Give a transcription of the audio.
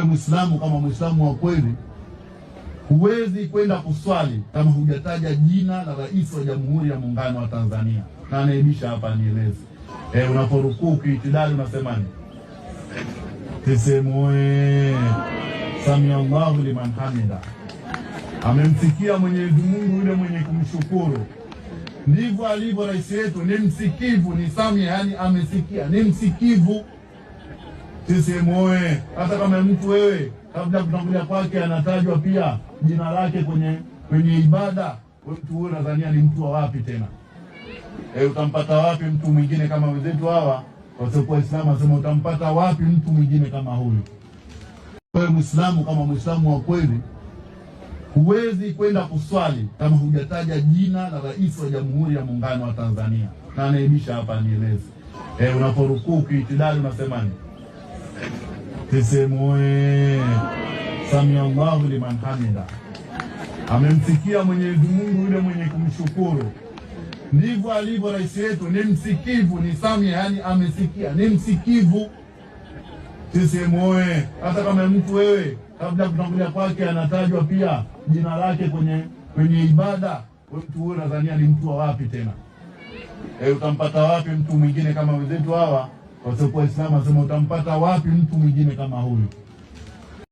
wewe Mwislamu, kama Mwislamu wa kweli, huwezi kwenda kuswali kama hujataja jina la rais wa Jamhuri ya Muungano wa Tanzania. Na anaibisha hapa nieleze, e, eh, unaporukuu kiitidali unasemaje? Tisemuye samia Allahu liman hamida, amemsikia Mwenyezi Mungu yule mwenye kumshukuru. Ndivyo alivyo rais wetu, ni msikivu, ni samia, yani amesikia, ni msikivu. CCM oye! Hata kama mtu wewe kabla kutangulia kwake anatajwa pia jina lake kwenye kwenye ibada, mtu huyo nadhania ni mtu wa wapi tena? E, utampata wapi mtu mwingine kama wenzetu hawa wasiokuwa Islam? Asema utampata wapi mtu mwingine kama huyu? Wewe Mwislamu, kama Muislamu wa kweli huwezi kwenda kuswali kama hujataja jina la rais wa Jamhuri ya Muungano wa Tanzania, na anaibisha hapa nieleze. E, eh, unaporukuu kiitidali unasemaje? Sisemuoye samia Allahu liman hamida, amemsikia Mwenyezi Mungu yule mwenye kumshukuru. Ndivyo alivyo rais wetu, ni msikivu. Ni Samia, yani amesikia, ni msikivu. oye hata kama mtu wewe kabla ya kutangulia kwake anatajwa pia jina lake kwenye kwenye ibada, we mtu huyo nadhania ni mtu wa wapi tena? E, utampata wapi mtu mwingine kama wenzetu hawa Wasiokuwa Waislamu asema, utampata wapi mtu mwingine kama huyu?